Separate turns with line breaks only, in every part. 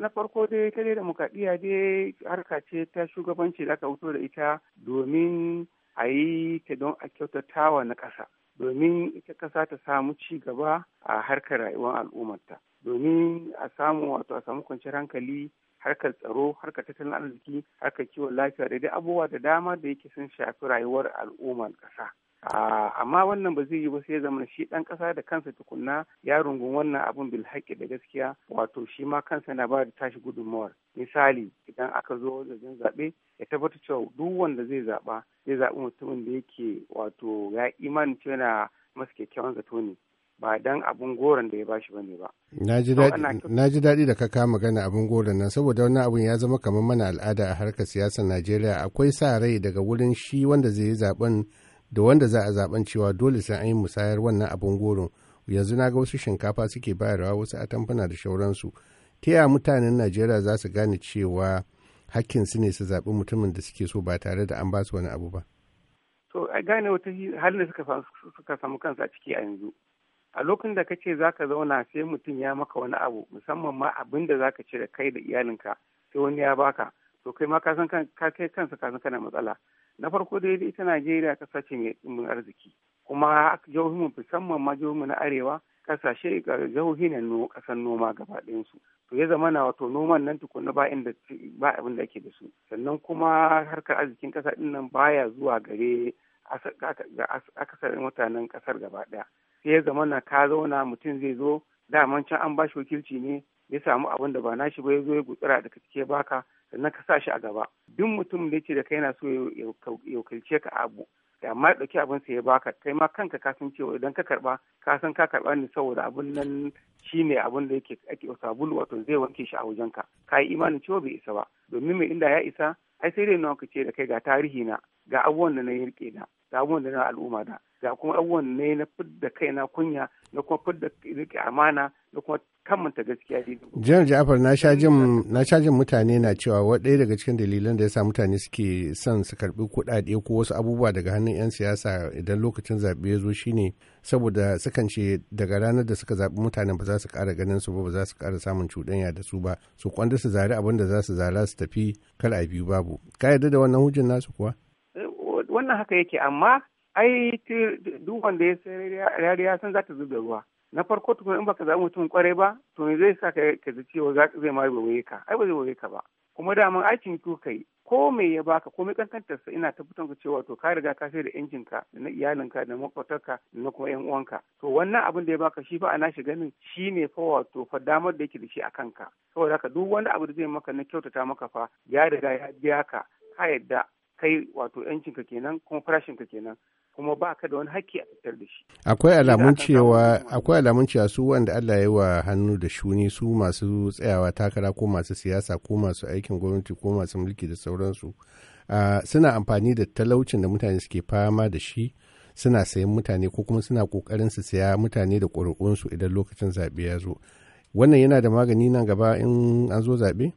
na farko dai ita dai demokradiyya dai harka ce ta shugabanci da aka wuto da ita domin a yi ta don a kyautatawa na ƙasa domin ita ƙasa ta samu ci gaba a harkar rayuwar al'ummarta domin a samu wato a samu kwanciyar hankali harkar tsaro harkar tattalin arziki harkar kiwon lafiya da dai abubuwa da dama da yake sun shafi rayuwar al'ummar ƙasa amma wannan ba zai yi ba sai zama shi dan kasa da kansa tukunna ya rungun wannan abun bil haƙƙi da gaskiya wato shi ma kansa na ba da tashi gudunmawar misali idan aka zo wajen zaɓe ya tabbatar cewa duk wanda zai zaɓa zai zaɓi mutumin da yake wato ya imani cewa na masa kyakkyawan zato ne ba dan abun goron da ya bashi bane ba. Na
ji daɗi da ka kama magana abun goron nan saboda wannan abun ya zama kamar mana al'ada a harkar siyasar Najeriya akwai sa rai daga wurin shi wanda zai yi zaɓen. da wanda za a zaben cewa dole sai an yi musayar wannan abin goron yanzu na ga wasu shinkafa suke bayarwa wasu atamfana da shauransu ta yaya mutanen najeriya za su gane cewa su ne su zaɓi mutumin da suke so ba tare da an ba su wani abu ba
to a gane wata halin da suka samu kansu a ciki a yanzu a lokacin da kace zaka zauna sai mutum ya maka wani abu musamman ma abin da zaka ce da kai da iyalinka sai wani ya baka to kai ma ka san ka kai kansa ka san kana matsala na farko dai ita najeriya ƙasa ce mai ɗumbin arziki kuma jihohinmu musamman ma jihohinmu na arewa kasashe jihohi na ƙasar noma gaba su to ya zama na wato noman nan tukuna ba inda ba abin da ake da su sannan kuma harkar arzikin ƙasa din nan baya zuwa gare akasarin mutanen ƙasar gaba ɗaya sai ya zama na ka zauna mutum zai zo daman can an bashi wakilci ne ya samu abin da ba nashi ba ya zo ya gutsira daga cike baka na ka sa shi a gaba duk mutum da yake da kai yana so ya wakilce ka abu amma ya ɗauki abin sa ya baka kai ma kanka ka san cewa idan ka karba ka san ka karba ni saboda abin nan shine abin da yake ake sabulu wato zai wanke shi a wajen ka ka yi imanin cewa bai isa ba domin mai inda ya isa ai sai dai nawa ka ce da kai ga tarihi na ga abubuwan da na yi rike na da abubuwan da na al'umma da ga kuma abubuwan ne na fidda kaina kunya na kuma fidda ke amana na kuma kammanta gaskiya
jiran ja'afar na sha jin mutane na cewa waɗaya daga cikin dalilan da ya sa mutane suke son su karbi kuɗaɗe ko wasu abubuwa daga hannun 'yan siyasa idan lokacin zaɓe ya zo shine saboda sukan ce daga ranar da suka zaɓi mutanen ba za su ƙara ganin su ba ba za su ƙara samun cuɗanya da su ba su kwanda su zari abin da za su zara su tafi kar a biyu babu ka yarda da wannan hujjar nasu kuwa
wannan haka yake amma ai duk da ya sai ya san za ta zuba ruwa na farko tukun in baka zaɓi mutum kwarai ba to me zai sa ka ji cewa zai ma waye ka ai ba zai waye ka ba kuma daman aikin ku kai ko me ya baka ko me kankantarsa ina tabbatar ku cewa to ka riga ka sai da injinka da na iyalinka da makwatarka da na kuma yan uwanka to wannan abin da ya baka shi fa ana shi ganin shi ne fa wato fa damar da yake da shi a kanka saboda haka duk wani abu da zai maka na kyautata maka fa ya riga ya biya ka ka yadda kai wato yancinka kenan kuma farashinka kenan kuma ba ka da wani haƙƙi a fitar da shi.
Akwai alamun cewa su wanda Allah ya yi wa hannu da shuni su masu tsayawa takara ko masu siyasa ko masu aikin gwamnati ko masu mulki da sauransu suna amfani da talaucin da mutane suke fama da shi suna sayan mutane ko kuma suna kokarin su saya mutane da ƙuri'unsu idan lokacin zaɓe ya zo. Wannan yana da magani nan gaba in an zo zaɓe?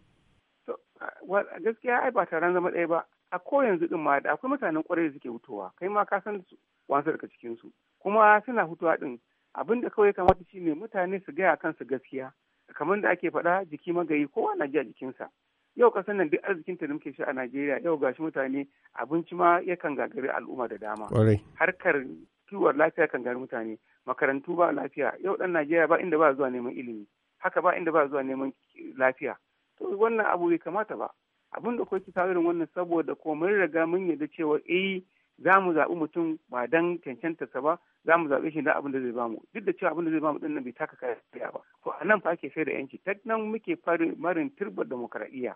gaskiya ai ba taron zama ɗaya ba a ko yanzu din ma da akwai mutanen kwarai da suke hutowa kai ma ka san wasu daga cikin su kuma suna hutuwa din abin da kawai kamata ne mutane su gaya kansu gaskiya kamar da ake faɗa jiki magayi kowa na ji jikinsa yau kasan nan duk arzikin ta muke shi a Najeriya yau gashi mutane abinci ma yakan gagari al'umma da dama harkar kiwon lafiya kan gari mutane makarantu ba lafiya yau dan Najeriya ba inda ba zuwa neman ilimi haka ba inda ba zuwa neman lafiya to wannan abu bai kamata ba abin da kuke kawo irin wannan saboda ko mun riga mun yarda cewa eh za mu zaɓi mutum ba dan cancanta sa ba za mu zaɓi shi da abin da zai bamu duk da cewa abin da zai bamu dinnan bai taka kariya ba to a nan fa ake sai da yanci ta nan muke marin turbar demokaradiyya.